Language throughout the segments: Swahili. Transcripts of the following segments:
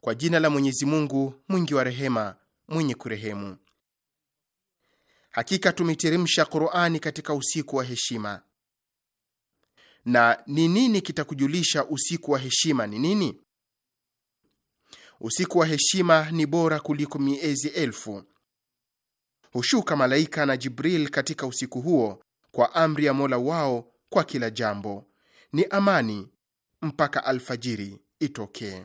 Kwa jina la Mwenyezi Mungu mwingi wa rehema mwenye kurehemu. Hakika tumeteremsha Qur'ani katika usiku wa heshima. Na ni nini kitakujulisha usiku wa heshima ni nini? Usiku wa heshima ni bora kuliko miezi elfu hushuka malaika na Jibril katika usiku huo kwa amri ya Mola wao kwa kila jambo. Ni amani mpaka alfajiri itokee.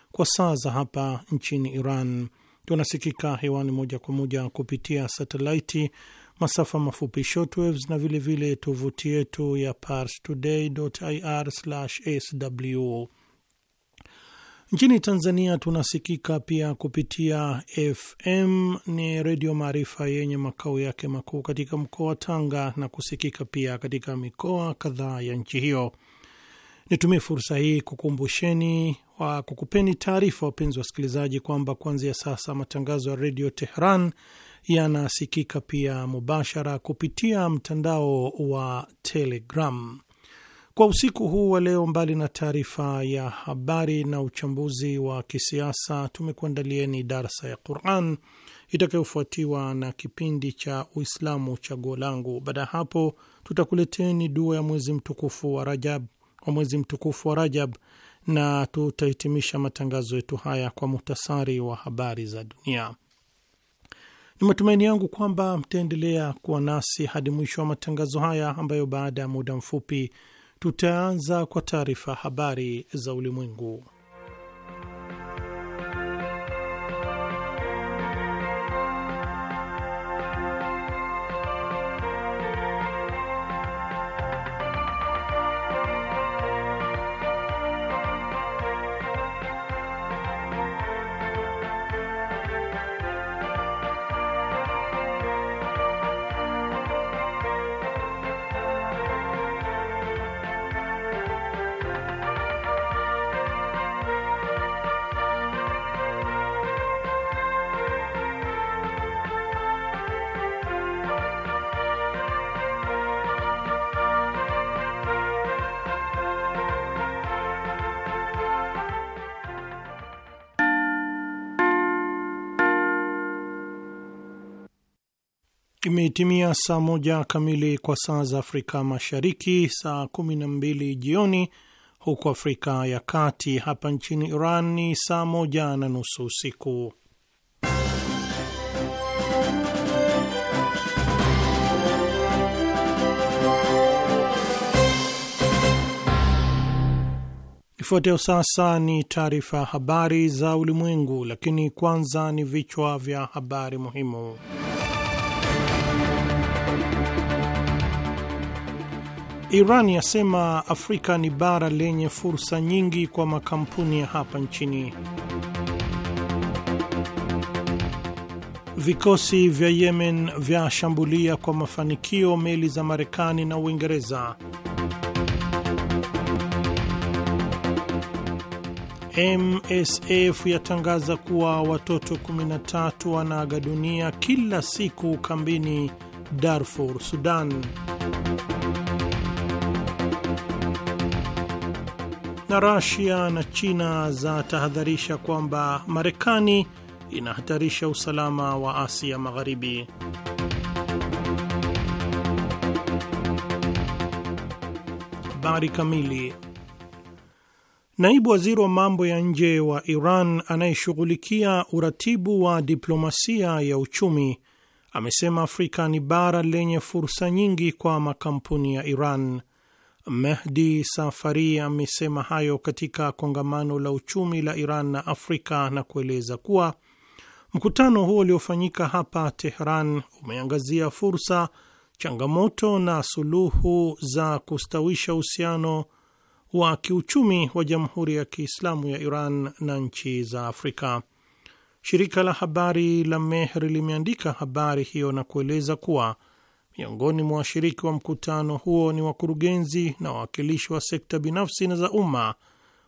kwa saa za hapa nchini Iran. Tunasikika hewani moja kwa moja kupitia satelaiti, masafa mafupi shortwaves na vilevile tovuti yetu ya pars ir sw Nchini Tanzania tunasikika pia kupitia FM ni Redio Maarifa yenye makao yake makuu katika mkoa wa Tanga na kusikika pia katika mikoa kadhaa ya nchi hiyo. Nitumie fursa hii kukumbusheni wa kukupeni taarifa, wapenzi wa wasikilizaji, kwamba kuanzia sasa matangazo ya redio Tehran yanasikika pia mubashara kupitia mtandao wa Telegram. Kwa usiku huu wa leo, mbali na taarifa ya habari na uchambuzi wa kisiasa, tumekuandalieni darsa ya Quran itakayofuatiwa na kipindi cha Uislamu chaguo langu. Baada ya hapo, tutakuleteni dua ya mwezi mtukufu wa Rajab wa mwezi mtukufu wa Rajab, na tutahitimisha matangazo yetu haya kwa muhtasari wa habari za dunia. Ni matumaini yangu kwamba mtaendelea kuwa nasi hadi mwisho wa matangazo haya, ambayo baada ya muda mfupi tutaanza kwa taarifa habari za ulimwengu. Imetimia saa moja kamili kwa saa za Afrika Mashariki, saa kumi na mbili jioni huku Afrika ya Kati. Hapa nchini Iran ni saa moja na nusu usiku. Ifuatayo sasa ni taarifa ya habari za ulimwengu, lakini kwanza ni vichwa vya habari muhimu. Iran yasema Afrika ni bara lenye fursa nyingi kwa makampuni ya hapa nchini. Vikosi vya Yemen vyashambulia kwa mafanikio meli za Marekani na Uingereza. MSF yatangaza kuwa watoto 13 wanaaga dunia kila siku kambini Darfur, Sudan. na Rasia na China zatahadharisha kwamba Marekani inahatarisha usalama wa Asia Magharibi. Habari kamili. Naibu waziri wa mambo ya nje wa Iran anayeshughulikia uratibu wa diplomasia ya uchumi amesema Afrika ni bara lenye fursa nyingi kwa makampuni ya Iran. Mehdi Safari amesema hayo katika kongamano la uchumi la Iran na Afrika na kueleza kuwa mkutano huo uliofanyika hapa Tehran umeangazia fursa, changamoto na suluhu za kustawisha uhusiano wa kiuchumi wa Jamhuri ya Kiislamu ya Iran na nchi za Afrika. Shirika la habari la Mehr limeandika habari hiyo na kueleza kuwa Miongoni mwa washiriki wa mkutano huo ni wakurugenzi na wawakilishi wa sekta binafsi na za umma,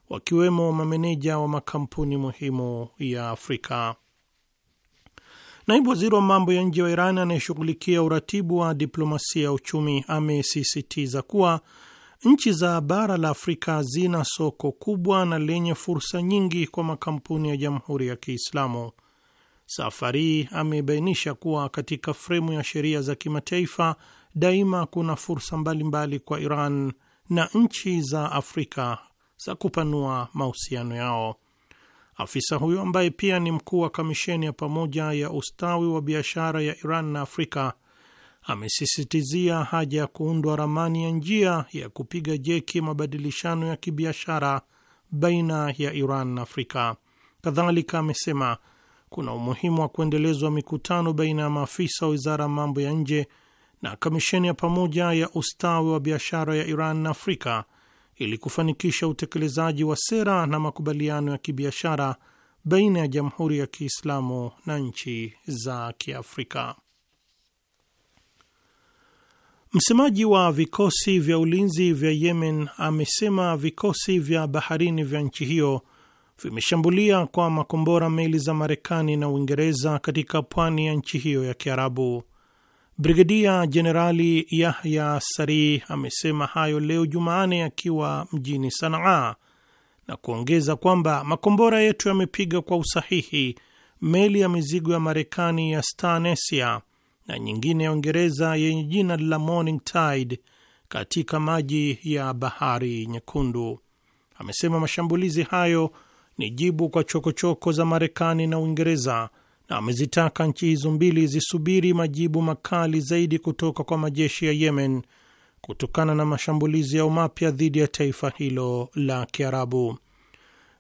wakiwemo mameneja wa makampuni muhimu ya Afrika. Naibu waziri wa mambo ya nje wa Iran anayeshughulikia uratibu wa diplomasia ya uchumi amesisitiza kuwa nchi za bara la Afrika zina soko kubwa na lenye fursa nyingi kwa makampuni ya Jamhuri ya Kiislamu Safari amebainisha kuwa katika fremu ya sheria za kimataifa daima kuna fursa mbalimbali kwa Iran na nchi za Afrika za kupanua mahusiano yao. Afisa huyo ambaye pia ni mkuu wa kamisheni ya pamoja ya ustawi wa biashara ya Iran na Afrika amesisitizia haja ya kuundwa ramani ya njia ya kupiga jeki mabadilishano ya kibiashara baina ya Iran na Afrika. Kadhalika amesema kuna umuhimu wa kuendelezwa mikutano baina ya maafisa wa wizara ya mambo ya nje na kamisheni ya pamoja ya ustawi wa biashara ya Iran na Afrika ili kufanikisha utekelezaji wa sera na makubaliano ya kibiashara baina ya Jamhuri ya Kiislamu na nchi za Kiafrika. Msemaji wa vikosi vya ulinzi vya Yemen amesema vikosi vya baharini vya nchi hiyo vimeshambulia kwa makombora meli za Marekani na Uingereza katika pwani ya nchi hiyo ya Kiarabu. Brigedia Jenerali Yahya sari amesema hayo leo Jumanne akiwa mjini Sanaa na kuongeza kwamba makombora yetu yamepiga kwa usahihi meli ya mizigo ya Marekani ya Stanesia na nyingine ya Uingereza yenye jina la Morning Tide katika maji ya Bahari Nyekundu. Amesema mashambulizi hayo ni jibu kwa chokochoko choko za Marekani na Uingereza, na amezitaka nchi hizo mbili zisubiri majibu makali zaidi kutoka kwa majeshi ya Yemen kutokana na mashambulizi yao mapya dhidi ya taifa hilo la Kiarabu.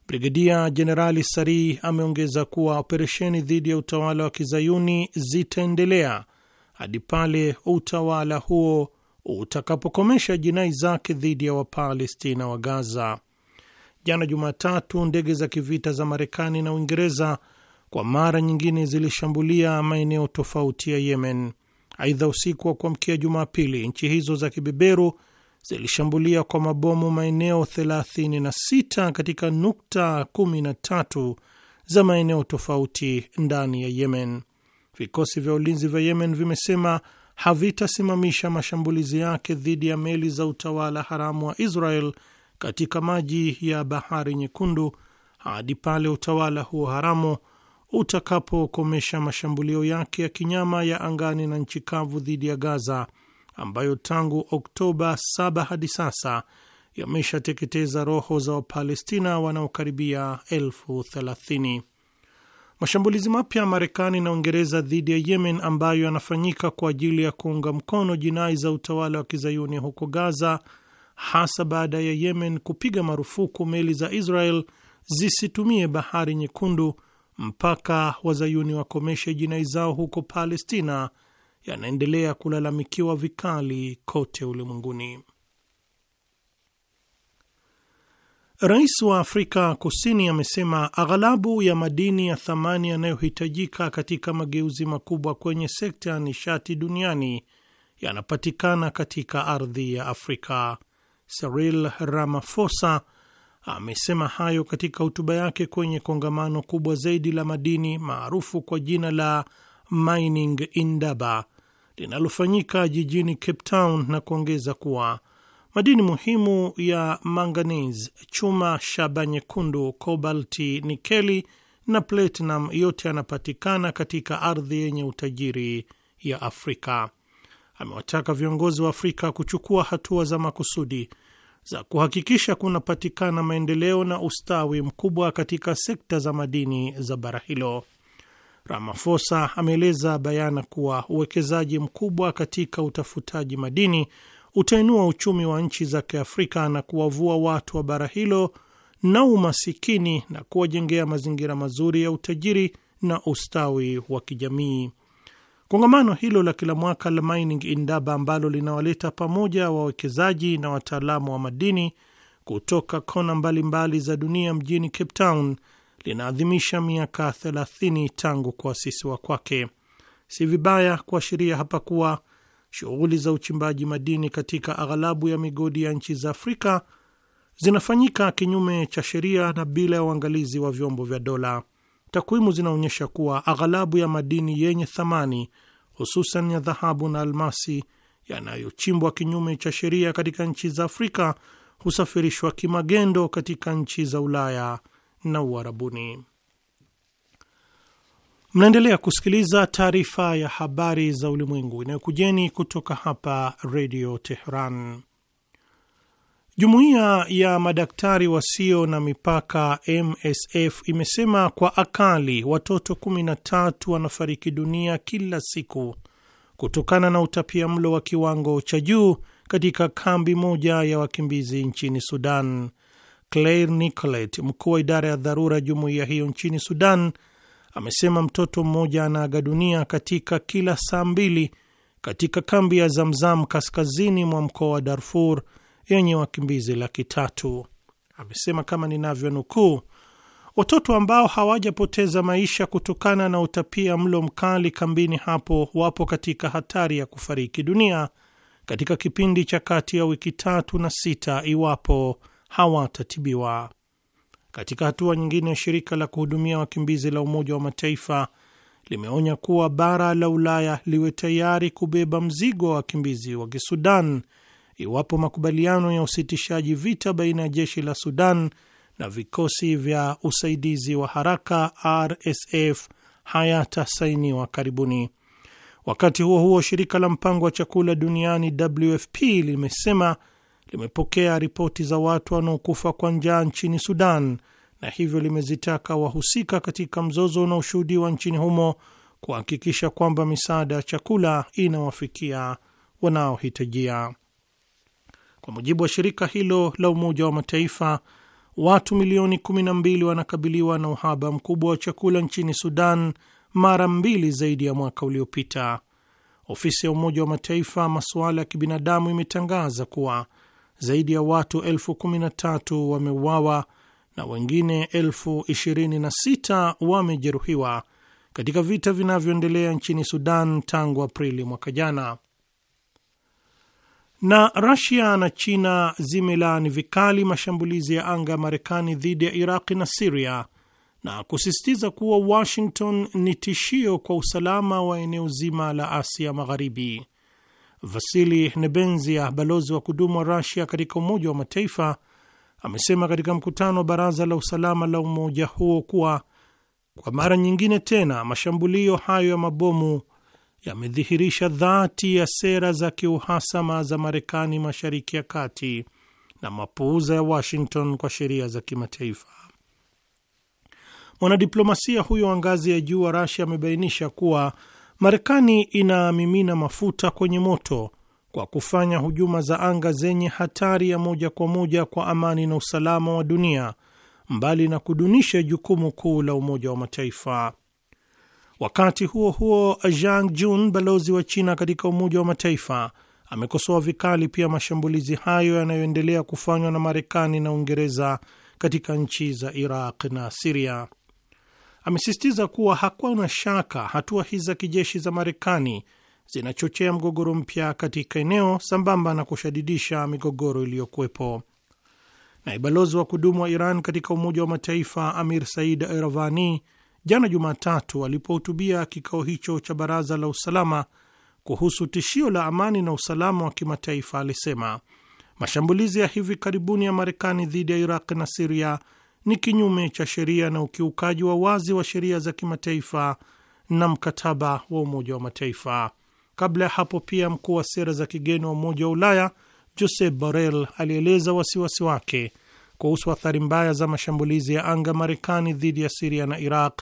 Brigedia Jenerali Sari ameongeza kuwa operesheni dhidi ya utawala wa kizayuni zitaendelea hadi pale utawala huo utakapokomesha jinai zake dhidi ya Wapalestina wa Gaza. Jana Jumatatu, ndege za kivita za Marekani na Uingereza kwa mara nyingine zilishambulia maeneo tofauti ya Yemen. Aidha, usiku wa kuamkia Jumapili, nchi hizo za kibeberu zilishambulia kwa mabomu maeneo 36 katika nukta 13 za maeneo tofauti ndani ya Yemen. Vikosi vya ulinzi vya Yemen vimesema havitasimamisha mashambulizi yake dhidi ya meli za utawala haramu wa Israel katika maji ya Bahari Nyekundu hadi pale utawala huo haramu utakapokomesha mashambulio yake ya kinyama ya angani na nchi kavu dhidi ya Gaza ambayo tangu Oktoba 7 hadi sasa yameshateketeza roho za Wapalestina wanaokaribia elfu thelathini. Mashambulizi mapya ya Marekani na Uingereza dhidi ya Yemen ambayo yanafanyika kwa ajili ya kuunga mkono jinai za utawala wa kizayuni huko Gaza hasa baada ya Yemen kupiga marufuku meli za Israel zisitumie bahari Nyekundu mpaka wazayuni wakomeshe jinai zao huko Palestina, yanaendelea kulalamikiwa vikali kote ulimwenguni. Rais wa Afrika Kusini amesema aghalabu ya madini ya thamani yanayohitajika katika mageuzi makubwa kwenye sekta ya nishati duniani yanapatikana katika ardhi ya Afrika. Cyril Ramaphosa amesema hayo katika hotuba yake kwenye kongamano kubwa zaidi la madini maarufu kwa jina la Mining Indaba linalofanyika jijini Cape Town na kuongeza kuwa madini muhimu ya manganese, chuma, shaba nyekundu, kobalti, nikeli na platinum yote yanapatikana katika ardhi yenye utajiri ya Afrika amewataka viongozi wa Afrika kuchukua hatua za makusudi za kuhakikisha kunapatikana maendeleo na ustawi mkubwa katika sekta za madini za bara hilo. Ramaphosa ameeleza bayana kuwa uwekezaji mkubwa katika utafutaji madini utainua uchumi wa nchi za Kiafrika na kuwavua watu wa bara hilo na umasikini na kuwajengea mazingira mazuri ya utajiri na ustawi wa kijamii. Kongamano hilo la kila mwaka la Mining Indaba ambalo linawaleta pamoja wawekezaji na wataalamu wa madini kutoka kona mbalimbali mbali za dunia mjini Cape Town linaadhimisha miaka 30 tangu kuasisiwa kwake. Si vibaya kuashiria hapa kuwa shughuli za uchimbaji madini katika aghalabu ya migodi ya nchi za Afrika zinafanyika kinyume cha sheria na bila ya uangalizi wa vyombo vya dola. Takwimu zinaonyesha kuwa aghalabu ya madini yenye thamani hususan ya dhahabu na almasi yanayochimbwa kinyume cha sheria katika nchi za Afrika husafirishwa kimagendo katika nchi za Ulaya na Uarabuni. Mnaendelea kusikiliza taarifa ya habari za ulimwengu inayokujeni kutoka hapa Redio Tehran. Jumuiya ya madaktari wasio na mipaka MSF imesema kwa akali watoto 13 wanafariki dunia kila siku kutokana na utapia mlo wa kiwango cha juu katika kambi moja ya wakimbizi nchini Sudan. Claire Nicolet, mkuu wa idara ya dharura jumuiya hiyo nchini Sudan, amesema mtoto mmoja anaaga dunia katika kila saa mbili katika kambi ya Zamzam kaskazini mwa mkoa wa Darfur yenye wakimbizi laki tatu. Amesema kama ninavyonukuu, watoto ambao hawajapoteza maisha kutokana na utapia mlo mkali kambini hapo wapo katika hatari ya kufariki dunia katika kipindi cha kati ya wiki tatu na sita iwapo hawatatibiwa. Katika hatua nyingine, shirika la kuhudumia wakimbizi la Umoja wa Mataifa limeonya kuwa bara la Ulaya liwe tayari kubeba mzigo wa wakimbizi wa Kisudan iwapo makubaliano ya usitishaji vita baina ya jeshi la Sudan na vikosi vya usaidizi wa haraka RSF hayatasainiwa karibuni. Wakati huo huo, shirika la mpango wa chakula duniani WFP limesema limepokea ripoti za watu wanaokufa kwa njaa nchini Sudan na hivyo limezitaka wahusika katika mzozo unaoshuhudiwa nchini humo kuhakikisha kwamba misaada ya chakula inawafikia wanaohitajia. Kwa mujibu wa shirika hilo la Umoja wa Mataifa, watu milioni 12 wanakabiliwa na uhaba mkubwa wa chakula nchini Sudan, mara mbili zaidi ya mwaka uliopita. Ofisi ya Umoja wa Mataifa masuala ya kibinadamu imetangaza kuwa zaidi ya watu elfu kumi na tatu wameuawa na wengine elfu ishirini na sita wamejeruhiwa katika vita vinavyoendelea nchini Sudan tangu Aprili mwaka jana. Na Rasia na China zimelaani vikali mashambulizi ya anga ya Marekani dhidi ya Iraqi na Siria na kusisitiza kuwa Washington ni tishio kwa usalama wa eneo zima la Asia Magharibi. Vasili Nebenzia, balozi wa kudumu wa Rasia katika Umoja wa Mataifa, amesema katika mkutano wa Baraza la Usalama la umoja huo kuwa kwa mara nyingine tena mashambulio hayo ya mabomu yamedhihirisha dhati ya sera za kiuhasama za Marekani Mashariki ya Kati na mapuuza ya Washington kwa sheria za kimataifa. Mwanadiplomasia huyo wa ngazi ya juu wa Rasia amebainisha kuwa Marekani inamimina mafuta kwenye moto kwa kufanya hujuma za anga zenye hatari ya moja kwa moja kwa amani na usalama wa dunia, mbali na kudunisha jukumu kuu la Umoja wa Mataifa. Wakati huo huo, Zhang Jun, balozi wa China katika Umoja wa Mataifa, amekosoa vikali pia mashambulizi hayo yanayoendelea kufanywa na Marekani na Uingereza katika nchi za Iraq na Siria. Amesisitiza kuwa hakuna shaka hatua hizi za kijeshi za Marekani zinachochea mgogoro mpya katika eneo sambamba na kushadidisha migogoro iliyokuwepo. Naye balozi wa kudumu wa Iran katika Umoja wa Mataifa Amir Said Iravani jana Jumatatu alipohutubia kikao hicho cha baraza la usalama kuhusu tishio la amani na usalama wa kimataifa, alisema mashambulizi ya hivi karibuni ya Marekani dhidi ya Iraq na Siria ni kinyume cha sheria na ukiukaji wa wazi wa sheria za kimataifa na mkataba wa Umoja wa Mataifa. Kabla ya hapo pia mkuu wa sera za kigeni wa Umoja wa Ulaya Josep Borrell alieleza wasiwasi wake kuhusu athari mbaya za mashambulizi ya anga Marekani dhidi ya Siria na Iraq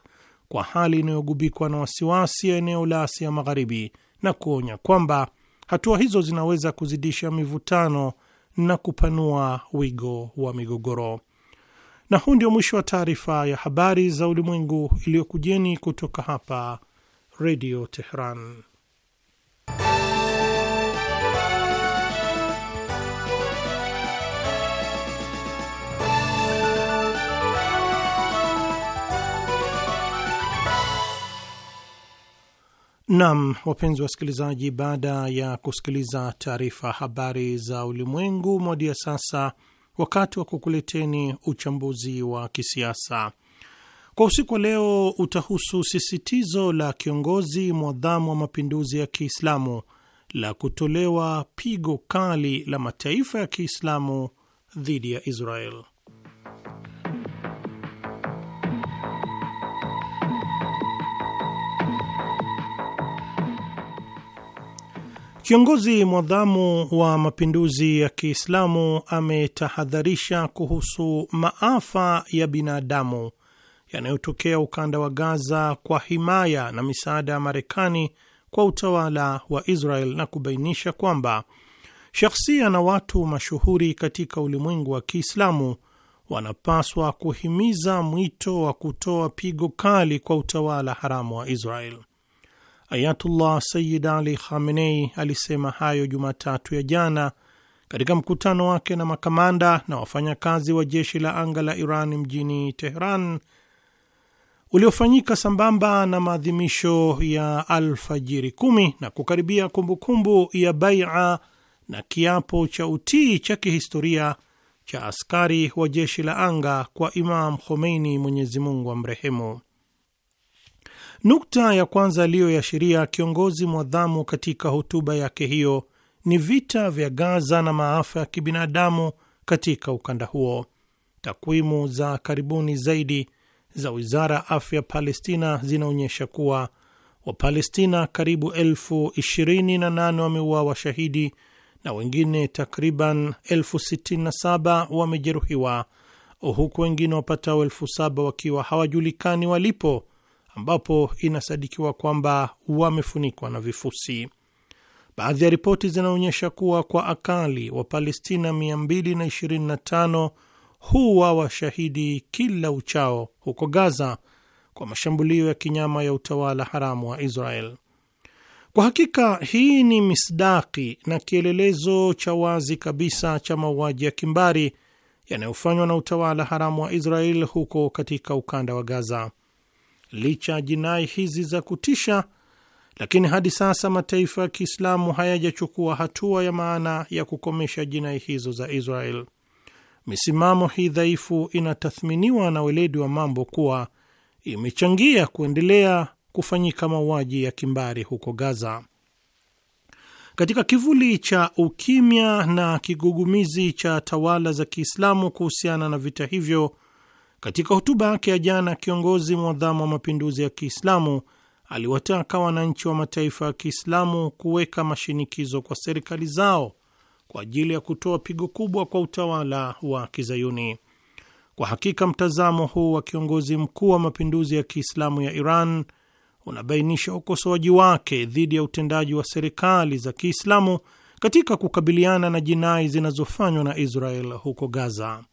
kwa hali inayogubikwa na wasiwasi ya eneo la Asia Magharibi na kuonya kwamba hatua hizo zinaweza kuzidisha mivutano na kupanua wigo wa migogoro. Na huu ndio mwisho wa taarifa ya habari za ulimwengu iliyokujeni kutoka hapa Redio Tehran. Nam, wapenzi wasikilizaji, baada ya kusikiliza taarifa habari za ulimwengu modi ya sasa wakati wa kukuleteni uchambuzi wa kisiasa kwa usiku wa leo. Utahusu sisitizo la kiongozi mwadhamu wa mapinduzi ya Kiislamu la kutolewa pigo kali la mataifa ya Kiislamu dhidi ya Israel. Kiongozi mwadhamu wa mapinduzi ya Kiislamu ametahadharisha kuhusu maafa ya binadamu yanayotokea ukanda wa Gaza kwa himaya na misaada ya Marekani kwa utawala wa Israel na kubainisha kwamba shakhsia na watu mashuhuri katika ulimwengu wa Kiislamu wanapaswa kuhimiza mwito wa kutoa pigo kali kwa utawala haramu wa Israel. Ayatullah Sayyid Ali Khamenei alisema hayo Jumatatu ya jana katika mkutano wake na makamanda na wafanyakazi wa jeshi la anga la Iran mjini Tehran uliofanyika sambamba na maadhimisho ya alfajiri kumi na kukaribia kumbukumbu kumbu ya baia na kiapo cha utii cha kihistoria cha askari wa jeshi la anga kwa Imam Khomeini, Mwenyezi Mungu amrehemu. Nukta ya kwanza aliyoiashiria kiongozi mwadhamu katika hotuba yake hiyo ni vita vya Gaza na maafa ya kibinadamu katika ukanda huo. Takwimu za karibuni zaidi za wizara ya afya Palestina zinaonyesha kuwa Wapalestina karibu elfu ishirini na nane wameuawa washahidi na wengine takriban elfu sitini na saba wamejeruhiwa huku wengine wapatao elfu saba wakiwa hawajulikani walipo ambapo inasadikiwa kwamba wamefunikwa na vifusi. Baadhi ya ripoti zinaonyesha kuwa kwa akali Wapalestina 225 huwa washahidi kila uchao huko Gaza kwa mashambulio ya kinyama ya utawala haramu wa Israel. Kwa hakika hii ni misdaki na kielelezo cha wazi kabisa cha mauaji ya kimbari yanayofanywa na utawala haramu wa Israel huko katika ukanda wa Gaza. Licha ya jinai hizi za kutisha, lakini hadi sasa mataifa ya Kiislamu hayajachukua hatua ya maana ya kukomesha jinai hizo za Israel. Misimamo hii dhaifu inatathminiwa na weledi wa mambo kuwa imechangia kuendelea kufanyika mauaji ya kimbari huko Gaza. Katika kivuli cha ukimya na kigugumizi cha tawala za Kiislamu kuhusiana na vita hivyo, katika hotuba yake ya jana, kiongozi mwadhamu wa mapinduzi ya Kiislamu aliwataka wananchi wa mataifa ya Kiislamu kuweka mashinikizo kwa serikali zao kwa ajili ya kutoa pigo kubwa kwa utawala wa Kizayuni. Kwa hakika mtazamo huu wa kiongozi mkuu wa mapinduzi ya Kiislamu ya Iran unabainisha ukosoaji wake dhidi ya utendaji wa serikali za Kiislamu katika kukabiliana na jinai zinazofanywa na Israel huko Gaza.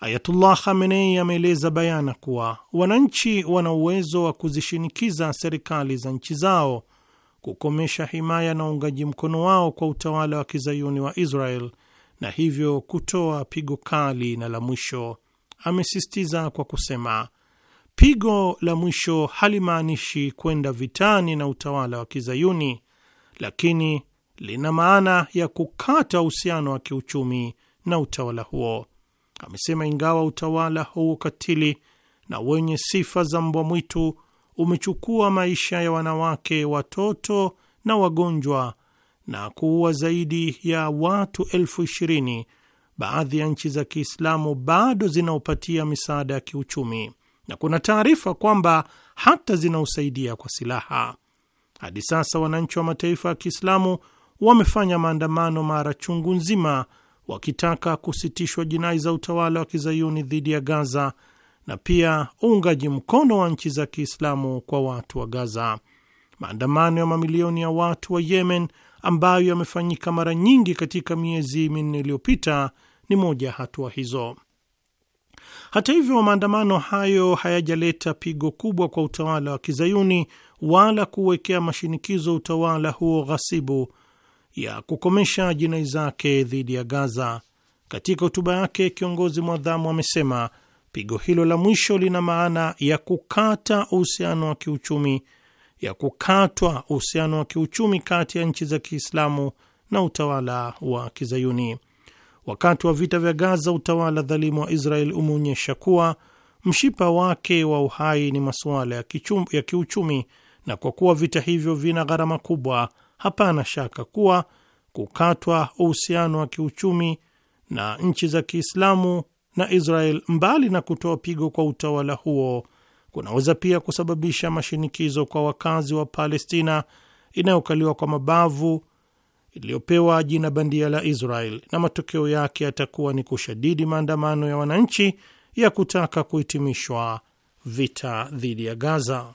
Ayatullah Khamenei ameeleza bayana kuwa wananchi wana uwezo wa kuzishinikiza serikali za nchi zao kukomesha himaya na uungaji mkono wao kwa utawala wa kizayuni wa Israel na hivyo kutoa pigo kali na la mwisho. Amesisitiza kwa kusema pigo la mwisho halimaanishi kwenda vitani na utawala wa kizayuni, lakini lina maana ya kukata uhusiano wa kiuchumi na utawala huo amesema ingawa utawala huo katili na wenye sifa za mbwa mwitu umechukua maisha ya wanawake, watoto na wagonjwa na kuua zaidi ya watu elfu ishirini, baadhi ya nchi za Kiislamu bado zinaopatia misaada ya kiuchumi na kuna taarifa kwamba hata zinausaidia kwa silaha. Hadi sasa wananchi wa mataifa ya Kiislamu wamefanya maandamano mara chungu nzima wakitaka kusitishwa jinai za utawala wa kizayuni dhidi ya Gaza na pia uungaji mkono wa nchi za Kiislamu kwa watu wa Gaza. Maandamano ya mamilioni ya watu wa Yemen ambayo yamefanyika mara nyingi katika miezi minne iliyopita ni moja ya hatua hizo. Hata hivyo, maandamano hayo hayajaleta pigo kubwa kwa utawala wa kizayuni wala kuwekea mashinikizo utawala huo ghasibu ya kukomesha jinai zake dhidi ya Gaza. Katika hotuba yake, kiongozi mwadhamu amesema pigo hilo la mwisho lina maana ya kukata uhusiano wa kiuchumi ya kukatwa uhusiano wa kiuchumi kati ya nchi za Kiislamu na utawala wa Kizayuni. Wakati wa vita vya Gaza, utawala dhalimu wa Israel umeonyesha kuwa mshipa wake wa uhai ni masuala ya kiuchumi, na kwa kuwa vita hivyo vina gharama kubwa hapana shaka kuwa kukatwa uhusiano wa kiuchumi na nchi za Kiislamu na Israel, mbali na kutoa pigo kwa utawala huo, kunaweza pia kusababisha mashinikizo kwa wakazi wa Palestina inayokaliwa kwa mabavu iliyopewa jina bandia la Israel, na matokeo yake yatakuwa ni kushadidi maandamano ya wananchi ya kutaka kuhitimishwa vita dhidi ya Gaza.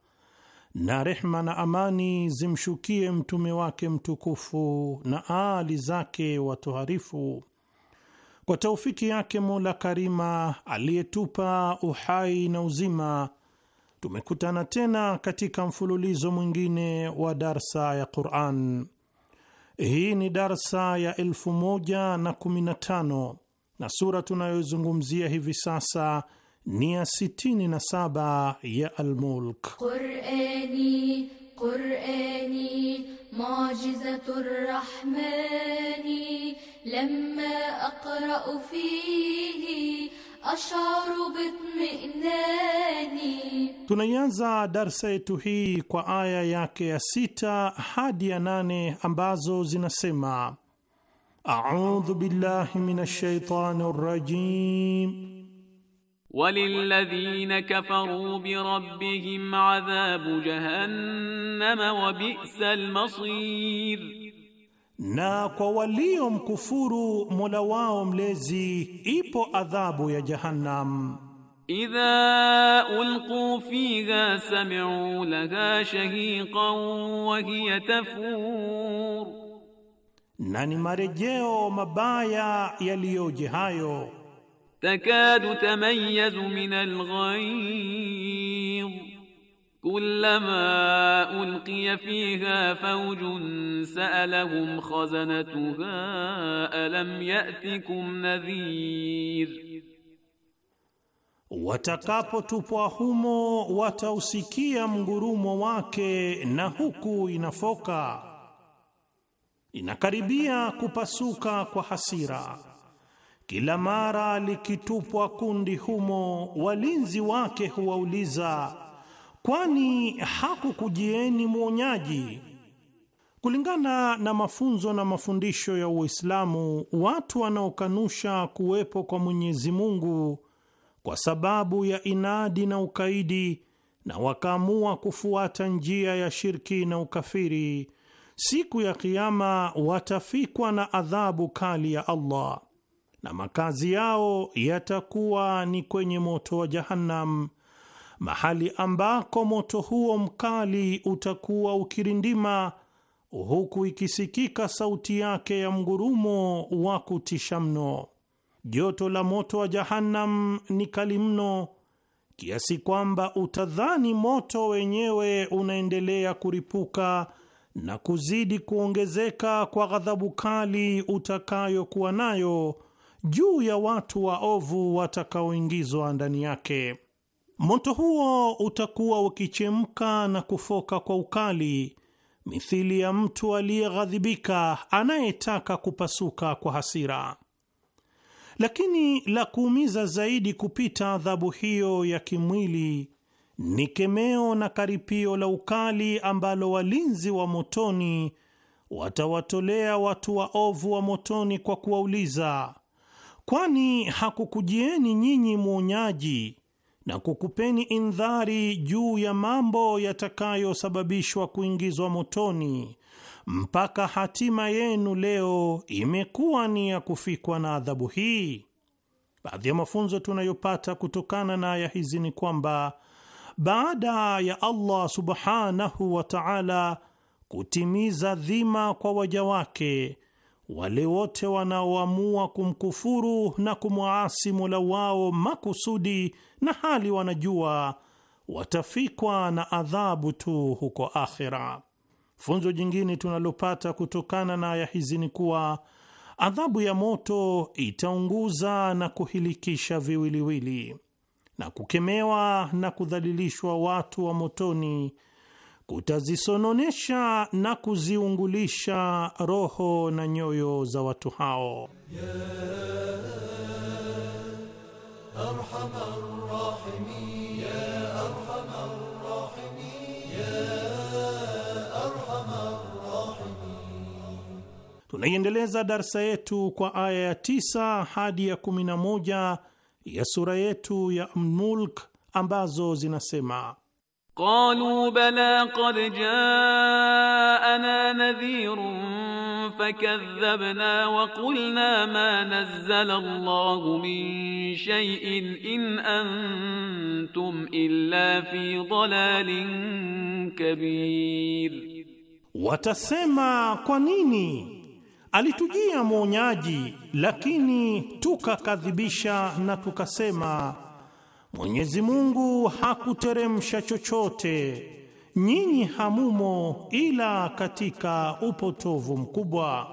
na rehma na amani zimshukie mtume wake mtukufu na aali zake watoharifu. Kwa taufiki yake Mola Karima aliyetupa uhai na uzima, tumekutana tena katika mfululizo mwingine wa darsa ya Quran. Hii ni darsa ya elfu moja na kumi na tano na sura tunayozungumzia hivi sasa ni ya 67 ya al Qur'ani Qur'ani mu'jizatur rahmani lamma aqra'u fihi asharu bitminani. Tunaianza darsa yetu hii kwa aya yake ya sita hadi ya nane ambazo zinasema: A'udhu billahi minash shaitani rrajim walilladhina kafaru bi rabbihim adhabu jahannam wa bi'sal masir, na kwa waliomkufuru Mola wao mlezi ipo adhabu ya Jahannam. Idha ulqu fiha sami'u laha shahiqan wa hiya tafur, na ni marejeo mabaya yaliyoje hayo takadu tamayyazu min alghayz kullama ulqiya fiha fawjun sa'alahum khazanatuha alam ya'tikum nadhir, watakapotupwa humo watausikia mgurumo wake, na huku inafoka inakaribia kupasuka kwa hasira kila mara likitupwa kundi humo, walinzi wake huwauliza, kwani hakukujieni mwonyaji? Kulingana na mafunzo na mafundisho ya Uislamu, watu wanaokanusha kuwepo kwa Mwenyezi Mungu kwa sababu ya inadi na ukaidi na wakaamua kufuata njia ya shirki na ukafiri, siku ya Kiama watafikwa na adhabu kali ya Allah na makazi yao yatakuwa ni kwenye moto wa Jahannam, mahali ambako moto huo mkali utakuwa ukirindima, huku ikisikika sauti yake ya mgurumo wa kutisha mno. Joto la moto wa Jahannam ni kali mno kiasi kwamba utadhani moto wenyewe unaendelea kuripuka na kuzidi kuongezeka kwa ghadhabu kali utakayokuwa nayo juu ya watu waovu watakaoingizwa ndani yake. Moto huo utakuwa ukichemka na kufoka kwa ukali, mithili ya mtu aliyeghadhibika anayetaka kupasuka kwa hasira. Lakini la kuumiza zaidi kupita adhabu hiyo ya kimwili ni kemeo na karipio la ukali ambalo walinzi wa motoni watawatolea watu waovu wa motoni kwa kuwauliza kwani hakukujieni nyinyi mwonyaji na kukupeni indhari juu ya mambo yatakayosababishwa kuingizwa motoni, mpaka hatima yenu leo imekuwa ni ya kufikwa na adhabu hii. Baadhi ya mafunzo tunayopata kutokana na aya hizi ni kwamba baada ya Allah subhanahu wa ta'ala kutimiza dhima kwa waja wake wale wote wanaoamua kumkufuru na kumwaasi Mola wao makusudi na hali wanajua watafikwa na adhabu tu huko akhira. Funzo jingine tunalopata kutokana na aya hizi ni kuwa adhabu ya moto itaunguza na kuhilikisha viwiliwili na kukemewa na kudhalilishwa watu wa motoni kutazisononesha na kuziungulisha roho na nyoyo za watu hao Tunaiendeleza darsa yetu kwa aya ya tisa hadi ya kumi na moja ya sura yetu ya Mulk ambazo zinasema: قالوا بلى قد جاءنا نذير فكذبنا وقلنا ما نزل الله من شيء إن أنتم إلا في ضلال كبير watasema kwa nini alitujia mwonyaji lakini tukakadhibisha na tukasema Mwenyezi Mungu hakuteremsha chochote, nyinyi hamumo ila katika upotovu mkubwa.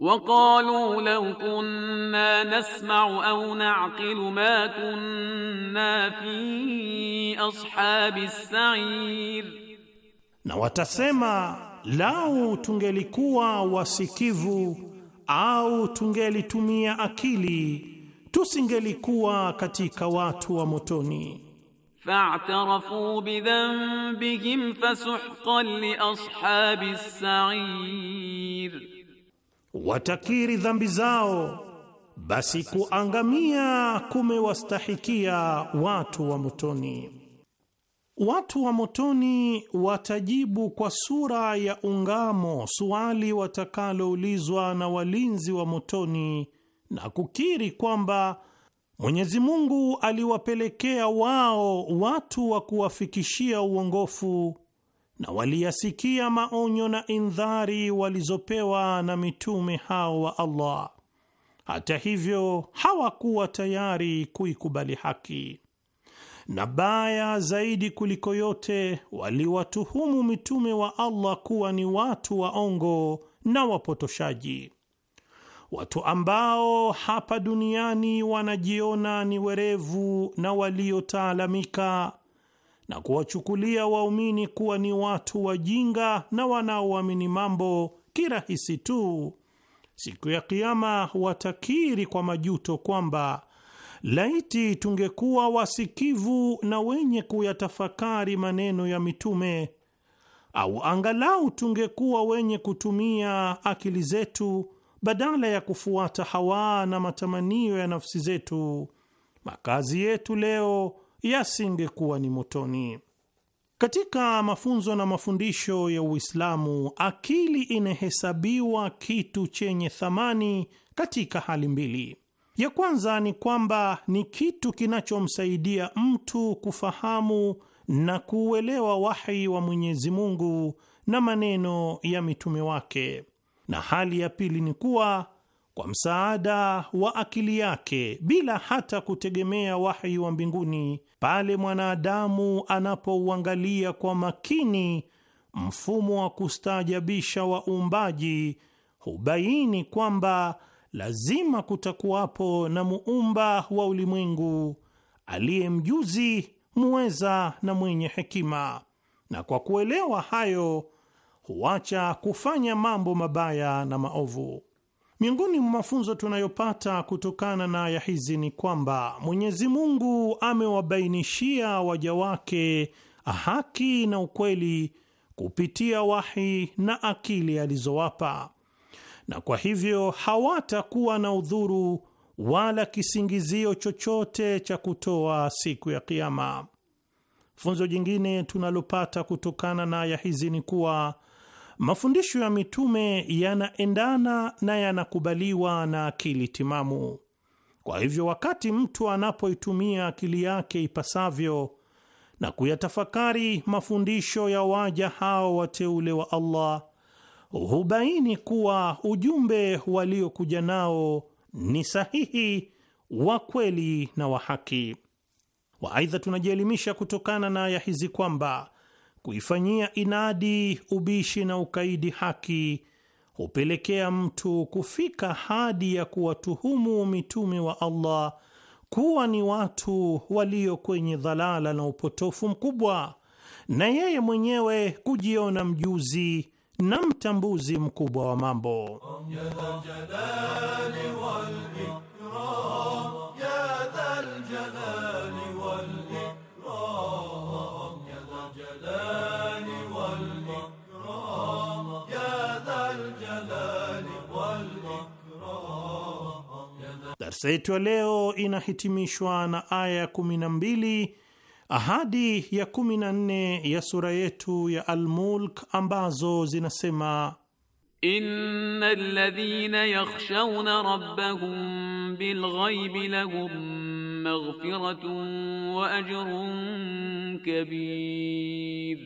Waqalu law kunna nasma'u au na'qilu ma kunna fi ashabis sa'ir, na watasema lau tungelikuwa wasikivu au tungelitumia akili tusingelikuwa katika watu wa motoni. Fa'tarafu bidhanbihim fasuhqan li ashabi sa'ir, watakiri dhambi zao, basi kuangamia kumewastahikia watu wa motoni. Watu wa motoni watajibu kwa sura ya ungamo suali watakaloulizwa na walinzi wa motoni na kukiri kwamba Mwenyezi Mungu aliwapelekea wao watu wa kuwafikishia uongofu na waliyasikia maonyo na indhari walizopewa na mitume hao wa Allah. Hata hivyo, hawakuwa tayari kuikubali haki, na baya zaidi kuliko yote, waliwatuhumu mitume wa Allah kuwa ni watu waongo na wapotoshaji watu ambao hapa duniani wanajiona ni werevu na waliotaalamika na kuwachukulia waumini kuwa ni watu wajinga na wanaoamini mambo kirahisi tu, siku ya Kiama watakiri kwa majuto kwamba laiti tungekuwa wasikivu na wenye kuyatafakari maneno ya mitume, au angalau tungekuwa wenye kutumia akili zetu badala ya kufuata hawa na matamanio ya nafsi zetu, makazi yetu leo yasingekuwa ni motoni. Katika mafunzo na mafundisho ya Uislamu, akili inahesabiwa kitu chenye thamani katika hali mbili. Ya kwanza ni kwamba ni kitu kinachomsaidia mtu kufahamu na kuuelewa wahi wa Mwenyezi Mungu na maneno ya mitume wake na hali ya pili ni kuwa kwa msaada wa akili yake bila hata kutegemea wahi wa mbinguni, pale mwanadamu anapouangalia kwa makini mfumo wa kustaajabisha wa uumbaji, hubaini kwamba lazima kutakuwapo na muumba wa ulimwengu aliye mjuzi, muweza na mwenye hekima, na kwa kuelewa hayo huacha kufanya mambo mabaya na maovu. Miongoni mwa mafunzo tunayopata kutokana na aya hizi ni kwamba Mwenyezi Mungu amewabainishia waja wake haki na ukweli kupitia wahi na akili alizowapa, na kwa hivyo hawatakuwa na udhuru wala kisingizio chochote cha kutoa siku ya Kiama. Funzo jingine tunalopata kutokana na aya hizi ni kuwa Mafundisho ya mitume yanaendana na yanakubaliwa na akili timamu. Kwa hivyo, wakati mtu anapoitumia akili yake ipasavyo na kuyatafakari mafundisho ya waja hao wateule wa Allah, hubaini kuwa ujumbe waliokuja nao ni sahihi, wa kweli na wa haki. Waaidha, tunajielimisha kutokana na aya hizi kwamba kuifanyia inadi, ubishi na ukaidi haki hupelekea mtu kufika hadi ya kuwatuhumu mitume wa Allah kuwa ni watu walio kwenye dhalala na upotofu mkubwa, na yeye mwenyewe kujiona mjuzi na mtambuzi mkubwa wa mambo. Darsa yetu ya leo inahitimishwa na aya ya 12 ahadi ya 14 ya sura yetu ya Almulk ambazo zinasema Innal ladhina yakhshawna rabbahum bil lahum maghfiratun wa ajrun kabir,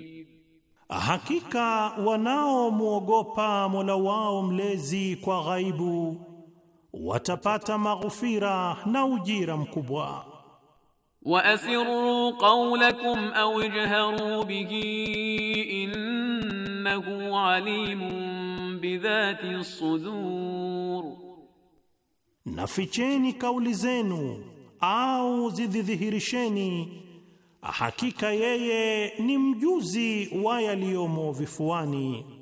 hakika wanaomwogopa Mola wao mlezi kwa ghaibu watapata maghfira na ujira mkubwa. wa asirru qawlakum aw ijharu bihi innahu alimun bi dhati sudur, naficheni kauli zenu au zidhihirisheni, hakika yeye ni mjuzi wa yaliyomo vifuani.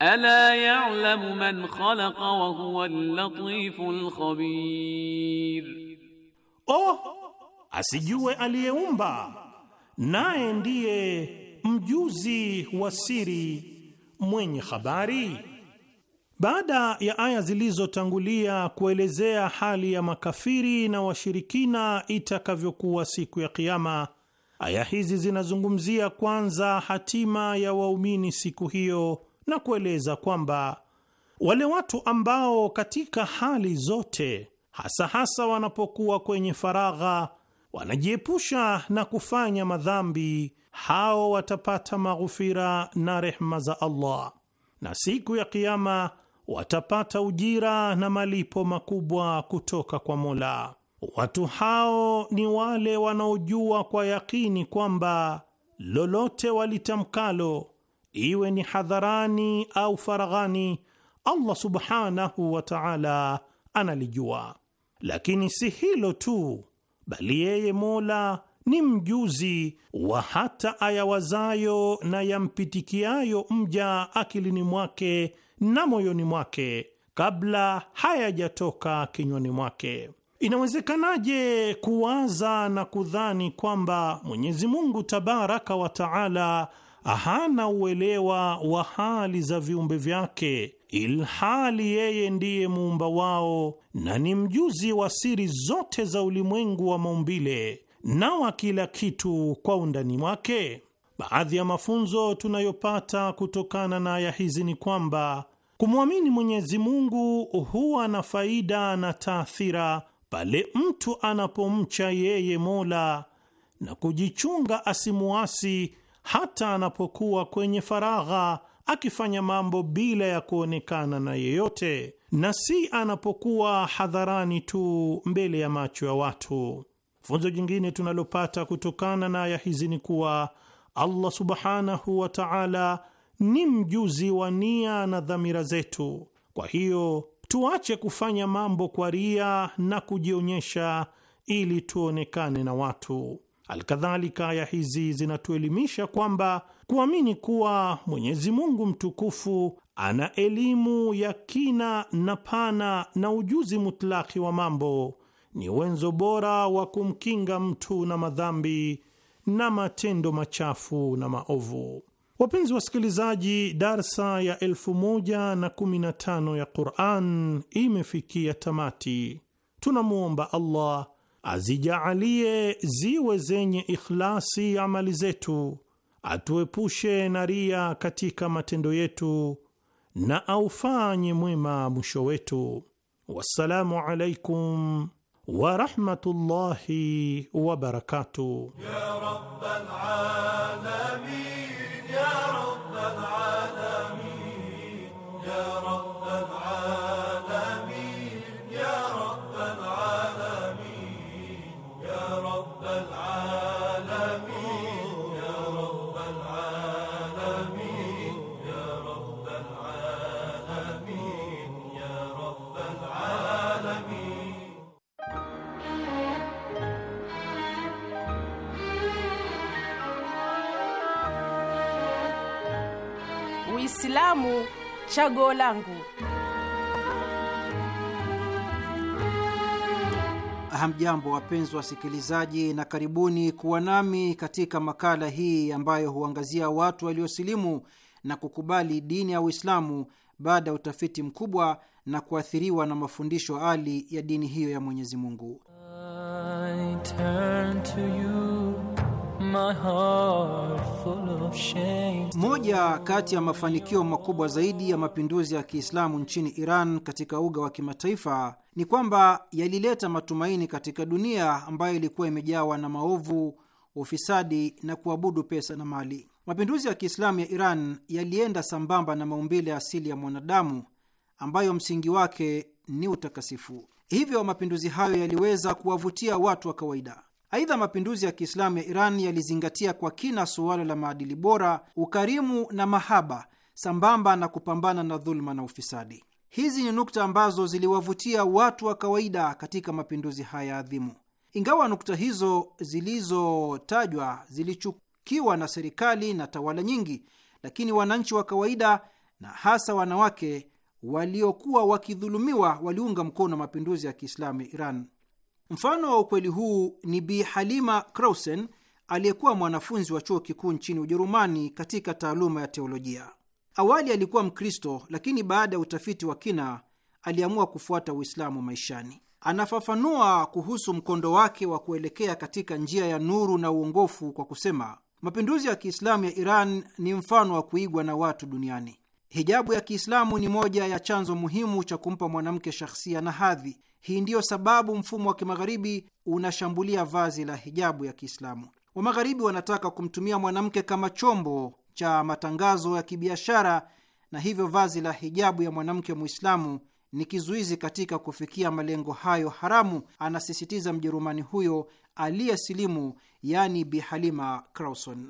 Ala ya'lamu man khalaqa wa huwa al-latiful khabir, oh, asijue aliyeumba naye ndiye mjuzi wa siri mwenye habari. Baada ya aya zilizotangulia kuelezea hali ya makafiri na washirikina itakavyokuwa siku ya Kiyama, aya hizi zinazungumzia kwanza hatima ya waumini siku hiyo na kueleza kwamba wale watu ambao katika hali zote, hasa hasa wanapokuwa kwenye faragha, wanajiepusha na kufanya madhambi, hao watapata maghufira na rehma za Allah, na siku ya Kiama watapata ujira na malipo makubwa kutoka kwa Mola. Watu hao ni wale wanaojua kwa yakini kwamba lolote walitamkalo iwe ni hadharani au faraghani, Allah subhanahu wa ta'ala analijua. Lakini si hilo tu, bali yeye Mola ni mjuzi wa hata ayawazayo na yampitikiayo mja akilini mwake na moyoni mwake kabla hayajatoka kinywani mwake. Inawezekanaje kuwaza na kudhani kwamba Mwenyezi Mungu tabaraka wa taala hana uelewa wa hali za viumbe vyake, ilhali yeye ndiye muumba wao na ni mjuzi wa siri zote za ulimwengu wa maumbile na wa kila kitu kwa undani wake. Baadhi ya mafunzo tunayopata kutokana na aya hizi ni kwamba kumwamini Mwenyezi Mungu huwa na faida na taathira pale mtu anapomcha yeye Mola na kujichunga asimuasi hata anapokuwa kwenye faragha akifanya mambo bila ya kuonekana na yeyote, na si anapokuwa hadharani tu mbele ya macho ya watu. Funzo jingine tunalopata kutokana na aya hizi ni kuwa Allah subhanahu wa ta'ala ni mjuzi wa nia na dhamira zetu. Kwa hiyo tuache kufanya mambo kwa ria na kujionyesha ili tuonekane na watu. Alkadhalika, aya hizi zinatuelimisha kwamba kuamini kuwa Mwenyezi Mungu mtukufu ana elimu ya kina na pana na ujuzi mutlaki wa mambo ni wenzo bora wa kumkinga mtu na madhambi na matendo machafu na maovu. Wapenzi wasikilizaji, darsa ya elfu ya Quran imefikia tamati. Tunamwomba Allah azijaalie ziwe zenye ikhlasi amali zetu, atuepushe na ria katika matendo yetu, na aufanye mwema mwisho wetu. Wassalamu alaikum warahmatullahi wabarakatuh. العالمين يا رب العالمين يا رب العالمين يا رب العالمين Uislamu chaguo langu. Hamjambo, wapenzi wasikilizaji, na karibuni kuwa nami katika makala hii ambayo huangazia watu waliosilimu na kukubali dini ya Uislamu baada ya utafiti mkubwa na kuathiriwa na mafundisho ali ya dini hiyo ya Mwenyezi Mungu. Moja kati ya mafanikio makubwa zaidi ya mapinduzi ya Kiislamu nchini Iran katika uga wa kimataifa ni kwamba yalileta matumaini katika dunia ambayo ilikuwa imejawa na maovu, ufisadi na kuabudu pesa na mali. Mapinduzi ya Kiislamu ya Iran yalienda sambamba na maumbile asili ya mwanadamu ambayo msingi wake ni utakasifu. Hivyo mapinduzi hayo yaliweza kuwavutia watu wa kawaida. Aidha, mapinduzi ya Kiislamu ya Iran yalizingatia kwa kina suala la maadili bora, ukarimu na mahaba, sambamba na kupambana na dhuluma na ufisadi. Hizi ni nukta ambazo ziliwavutia watu wa kawaida katika mapinduzi haya adhimu. Ingawa nukta hizo zilizotajwa zilichukiwa na serikali na tawala nyingi, lakini wananchi wa kawaida na hasa wanawake waliokuwa wakidhulumiwa waliunga mkono mapinduzi ya Kiislamu ya Iran. Mfano wa ukweli huu ni Bi Halima Krausen aliyekuwa mwanafunzi wa chuo kikuu nchini Ujerumani katika taaluma ya teolojia. Awali alikuwa Mkristo, lakini baada ya utafiti wa kina aliamua kufuata Uislamu maishani. Anafafanua kuhusu mkondo wake wa kuelekea katika njia ya nuru na uongofu kwa kusema, mapinduzi ya Kiislamu ya Iran ni mfano wa kuigwa na watu duniani. Hijabu ya Kiislamu ni moja ya chanzo muhimu cha kumpa mwanamke shakhsia na hadhi. Hii ndiyo sababu mfumo wa kimagharibi unashambulia vazi la hijabu ya Kiislamu. Wamagharibi wanataka kumtumia mwanamke kama chombo cha matangazo ya kibiashara, na hivyo vazi la hijabu ya mwanamke Muislamu ni kizuizi katika kufikia malengo hayo haramu, anasisitiza Mjerumani huyo aliyesilimu, silimu Bi Halima Crawson.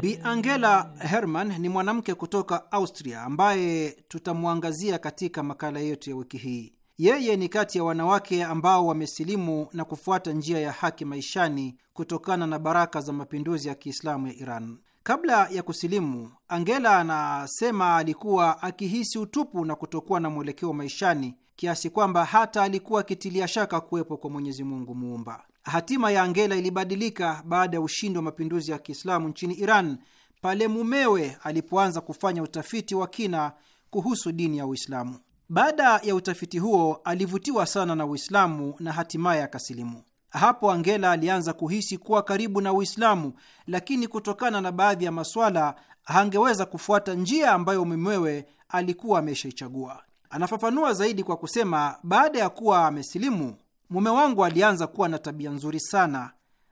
Bi Angela Herman ni mwanamke kutoka Austria ambaye tutamwangazia katika makala yetu ya wiki hii. Yeye ni kati ya wanawake ambao wamesilimu na kufuata njia ya haki maishani kutokana na baraka za mapinduzi ya Kiislamu ya Iran. Kabla ya kusilimu, Angela anasema alikuwa akihisi utupu na kutokuwa na mwelekeo maishani kiasi kwamba hata alikuwa akitilia shaka kuwepo kwa Mwenyezi Mungu Muumba. Hatima ya Angela ilibadilika baada ya ushindi wa mapinduzi ya Kiislamu nchini Iran pale mumewe alipoanza kufanya utafiti wa kina kuhusu dini ya Uislamu. Baada ya utafiti huo alivutiwa sana na Uislamu na hatimaye akasilimu. Hapo Angela alianza kuhisi kuwa karibu na Uislamu, lakini kutokana na baadhi ya maswala hangeweza kufuata njia ambayo mumewe alikuwa ameshaichagua. Anafafanua zaidi kwa kusema, baada ya kuwa amesilimu, mume wangu alianza kuwa na tabia nzuri sana,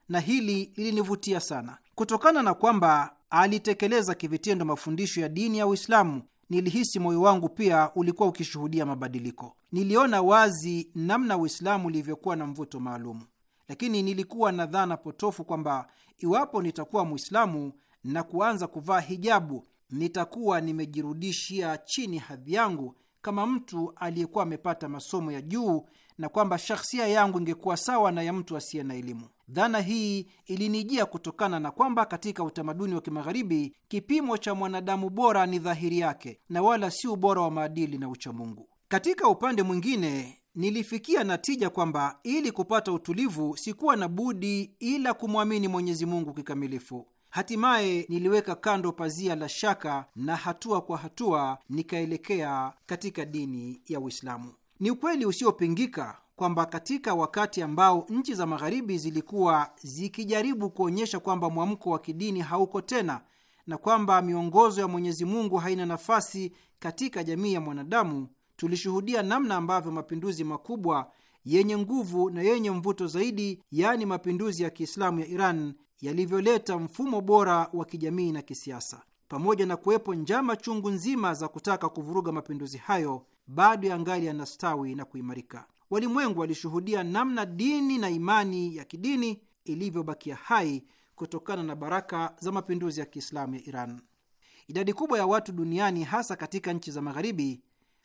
na hili lilinivutia sana, kutokana na kwamba alitekeleza kivitendo mafundisho ya dini ya Uislamu nilihisi moyo wangu pia ulikuwa ukishuhudia mabadiliko. Niliona wazi namna Uislamu ulivyokuwa na mvuto maalumu, lakini nilikuwa na dhana potofu kwamba iwapo nitakuwa Mwislamu na kuanza kuvaa hijabu, nitakuwa nimejirudishia chini hadhi yangu kama mtu aliyekuwa amepata masomo ya juu na kwamba shakhsia yangu ingekuwa sawa na ya mtu asiye na elimu. Dhana hii ilinijia kutokana na kwamba katika utamaduni wa Kimagharibi, kipimo cha mwanadamu bora ni dhahiri yake na wala si ubora wa maadili na uchamungu. Katika upande mwingine nilifikia natija kwamba ili kupata utulivu sikuwa na budi ila kumwamini Mwenyezi Mungu kikamilifu. Hatimaye niliweka kando pazia la shaka na hatua kwa hatua nikaelekea katika dini ya Uislamu. Ni ukweli usiopingika kwamba katika wakati ambao nchi za magharibi zilikuwa zikijaribu kuonyesha kwamba mwamko wa kidini hauko tena na kwamba miongozo ya Mwenyezi Mungu haina nafasi katika jamii ya mwanadamu, tulishuhudia namna ambavyo mapinduzi makubwa yenye nguvu na yenye mvuto zaidi, yaani mapinduzi ya Kiislamu ya Iran yalivyoleta mfumo bora wa kijamii na kisiasa. Pamoja na kuwepo njama chungu nzima za kutaka kuvuruga mapinduzi hayo bado ya ngali yanastawi na kuimarika. Walimwengu walishuhudia namna dini na imani ya kidini ilivyobakia hai kutokana na baraka za mapinduzi ya Kiislamu ya Iran. Idadi kubwa ya watu duniani, hasa katika nchi za Magharibi,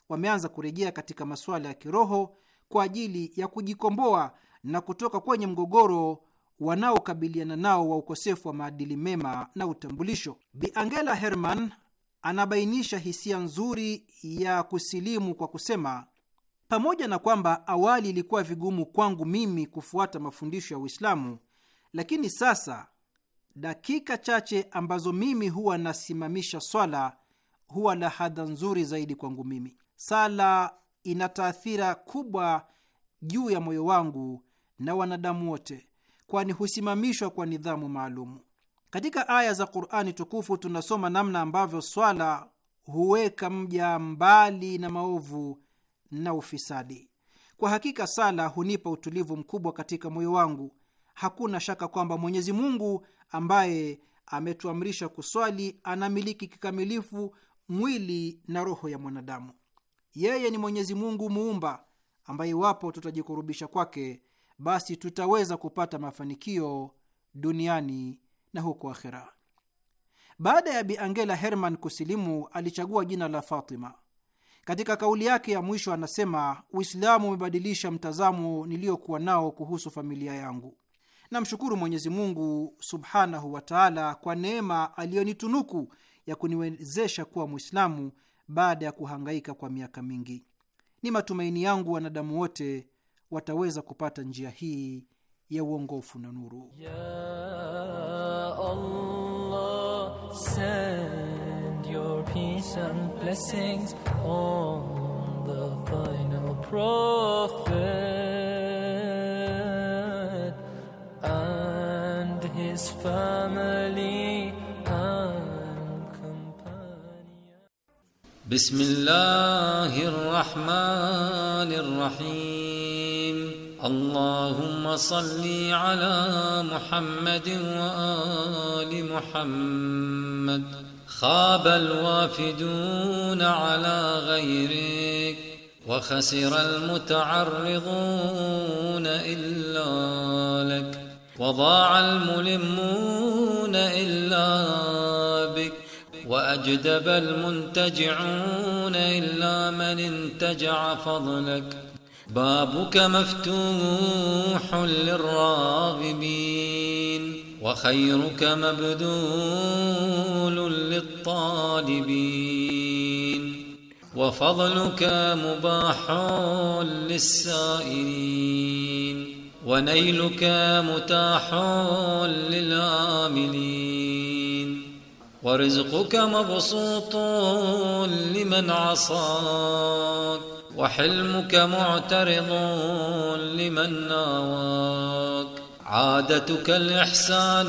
wameanza kurejea katika masuala ya kiroho kwa ajili ya kujikomboa na kutoka kwenye mgogoro wanaokabiliana nao wa ukosefu wa maadili mema na utambulisho. Bi Angela Herman, anabainisha hisia nzuri ya kusilimu kwa kusema, pamoja na kwamba awali ilikuwa vigumu kwangu mimi kufuata mafundisho ya Uislamu, lakini sasa dakika chache ambazo mimi huwa nasimamisha swala huwa na hadha nzuri zaidi kwangu mimi. Sala ina taathira kubwa juu ya moyo wangu na wanadamu wote, kwani husimamishwa kwa nidhamu maalumu. Katika aya za Qurani tukufu tunasoma namna ambavyo swala huweka mja mbali na maovu na ufisadi. Kwa hakika sala hunipa utulivu mkubwa katika moyo wangu. Hakuna shaka kwamba Mwenyezi Mungu ambaye ametuamrisha kuswali anamiliki kikamilifu mwili na roho ya mwanadamu. Yeye ni Mwenyezi Mungu Muumba, ambaye iwapo tutajikurubisha kwake, basi tutaweza kupata mafanikio duniani na huko akhira. Baada ya Bi Angela Herman kusilimu, alichagua jina la Fatima. Katika kauli yake ya mwisho anasema, Uislamu umebadilisha mtazamo niliyokuwa nao kuhusu familia yangu. Namshukuru Mwenyezi Mungu subhanahu wa taala kwa neema aliyonitunuku ya kuniwezesha kuwa Mwislamu baada ya kuhangaika kwa miaka mingi. Ni matumaini yangu wanadamu wote wataweza kupata njia hii ya uongofu na nuru. Ya Allah, send your peace and blessings on the final prophet and his family and companion. Bismillahir Rahmanir اللهم صل على محمد وآل محمد خاب الوافدون على غيرك وخسر المتعرضون إلا لك وضاع الملمون إلا بك وأجدب المنتجعون إلا من انتجع فضلك بابك مفتوح للراغبين وخيرك مبذول للطالبين وفضلك مباح للسائلين ونيلك متاح للآملين ورزقك مبسوط لمن عصاك وحلمك معترض لمن ناواك عادتك الإحسان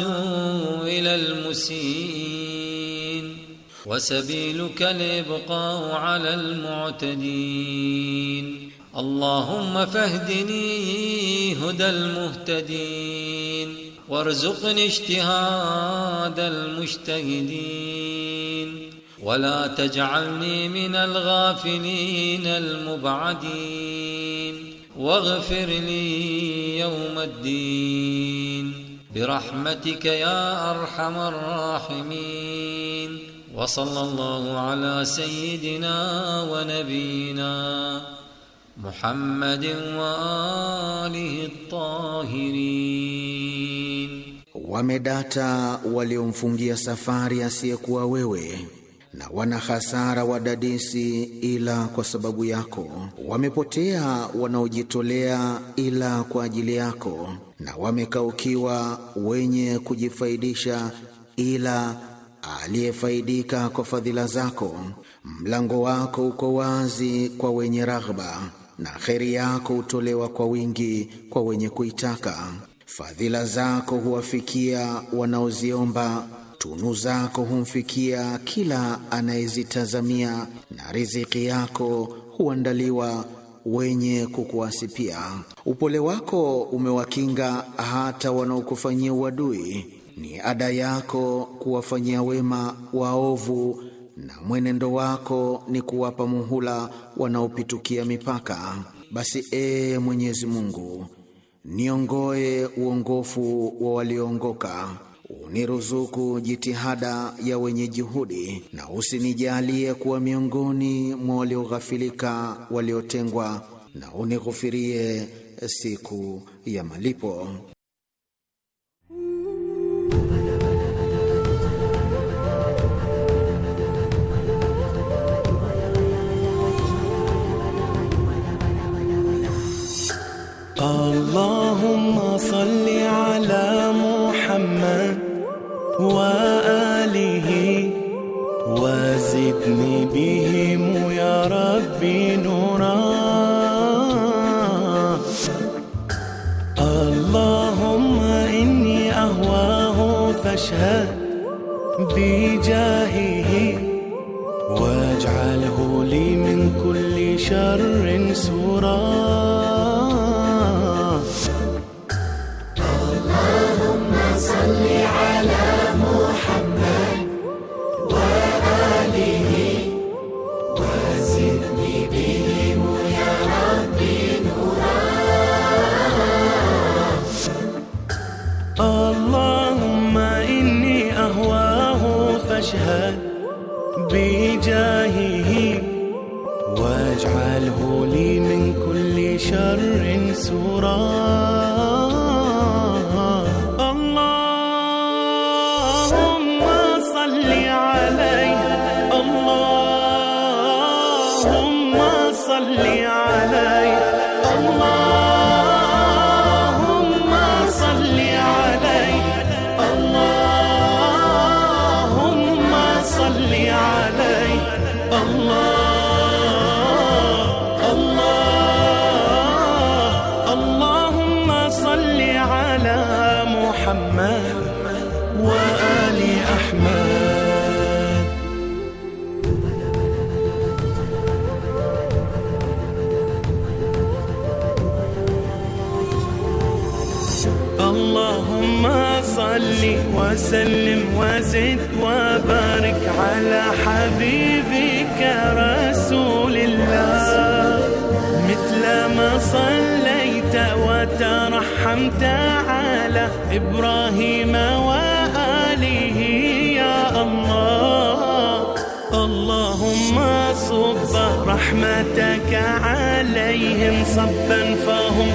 إلى المسيئين وسبيلك الإبقاء على المعتدين اللهم فاهدني هدى المهتدين وارزقني اجتهاد المجتهدين ولا تجعلني من الغافلين المبعدين واغفر لي يوم الدين برحمتك يا أرحم الراحمين وصلى الله على سيدنا ونبينا محمد وآله الطاهرين ومداتا waliomfungia سفاريا asiyekuwa wewe na wana hasara wadadisi ila kwa sababu yako, wamepotea wanaojitolea ila kwa ajili yako, na wamekaukiwa wenye kujifaidisha ila aliyefaidika kwa fadhila zako. Mlango wako uko wazi kwa wenye raghba, na kheri yako hutolewa kwa wingi kwa wenye kuitaka. Fadhila zako huwafikia wanaoziomba Tunu zako humfikia kila anayezitazamia, na riziki yako huandaliwa wenye kukuasipia. Upole wako umewakinga hata wanaokufanyia uadui. Ni ada yako kuwafanyia wema waovu, na mwenendo wako ni kuwapa muhula wanaopitukia mipaka. Basi ee Mwenyezi Mungu, niongoe uongofu wa walioongoka uniruzuku jitihada ya wenye juhudi na usinijalie kuwa miongoni mwa walioghafilika waliotengwa, na unighufirie siku ya malipo. Allahumma salli وآله وزدني بهم يا ربي نورا اللهم إني أهواه فاشهد بجاهه واجعله لي من كل شر سُورًا lonely على حبيبك رسول الله مثل ما صليت وترحمت على إبراهيم وآله يا الله اللهم صب رحمتك عليهم صبا فهم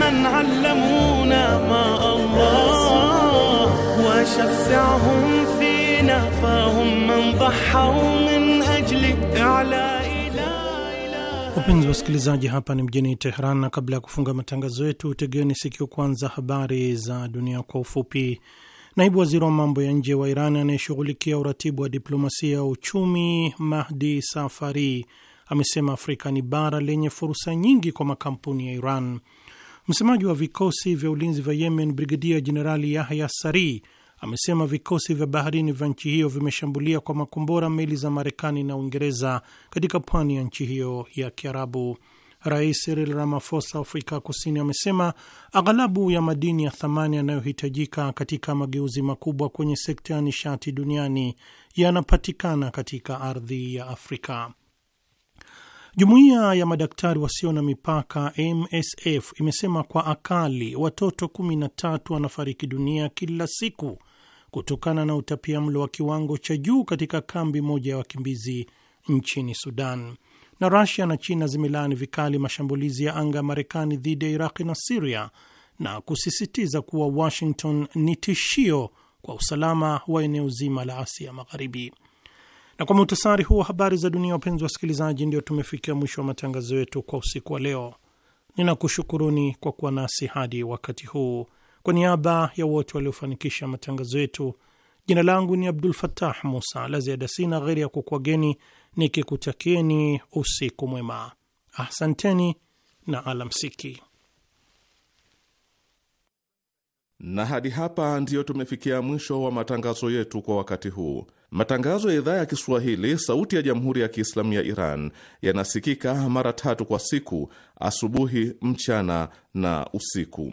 من علمونا ما الله وشفعهم فهم Wapenzi wa wasikilizaji, hapa ni mjini Teheran, na kabla ya kufunga matangazo yetu, tegeni sikio kwanza habari za dunia kwa ufupi. Naibu waziri wa mambo ya nje wa Iran anayeshughulikia uratibu wa diplomasia ya uchumi Mahdi Safari amesema Afrika ni bara lenye fursa nyingi kwa makampuni ya Iran. Msemaji wa vikosi vya ulinzi vya Yemen, Brigadia Jenerali Yahya Sari amesema vikosi vya baharini vya nchi hiyo vimeshambulia kwa makombora meli za Marekani na Uingereza katika pwani ya nchi hiyo ya Kiarabu. Rais Cyril Ramaphosa wa Afrika Kusini amesema aghalabu ya madini ya thamani yanayohitajika katika mageuzi makubwa kwenye sekta ya nishati duniani yanapatikana katika ardhi ya Afrika. Jumuiya ya madaktari wasio na mipaka MSF imesema kwa akali watoto 13 wanafariki dunia kila siku kutokana na utapia mlo wa kiwango cha juu katika kambi moja ya wakimbizi nchini Sudan. Na Rusia na China zimelaani vikali mashambulizi ya anga ya Marekani dhidi ya Iraqi na Siria na kusisitiza kuwa Washington ni tishio kwa usalama wa eneo zima la Asia Magharibi. Na kwa muhtasari huu wa habari za dunia, wapenzi wasikilizaji, ndio tumefikia mwisho wa matangazo yetu kwa usiku wa leo. Ninakushukuruni kwa kuwa nasi hadi wakati huu kwa niaba ya wote waliofanikisha matangazo yetu, jina langu ni Abdul fatah Musa. La ziada sina ghairi ya kukwageni nikikutakieni usiku mwema. Ahsanteni na alamsiki. Na hadi hapa ndiyo tumefikia mwisho wa matangazo yetu kwa wakati huu. Matangazo ya idhaa ya Kiswahili sauti ya jamhuri ya Kiislamu ya Iran yanasikika mara tatu kwa siku: asubuhi, mchana na usiku.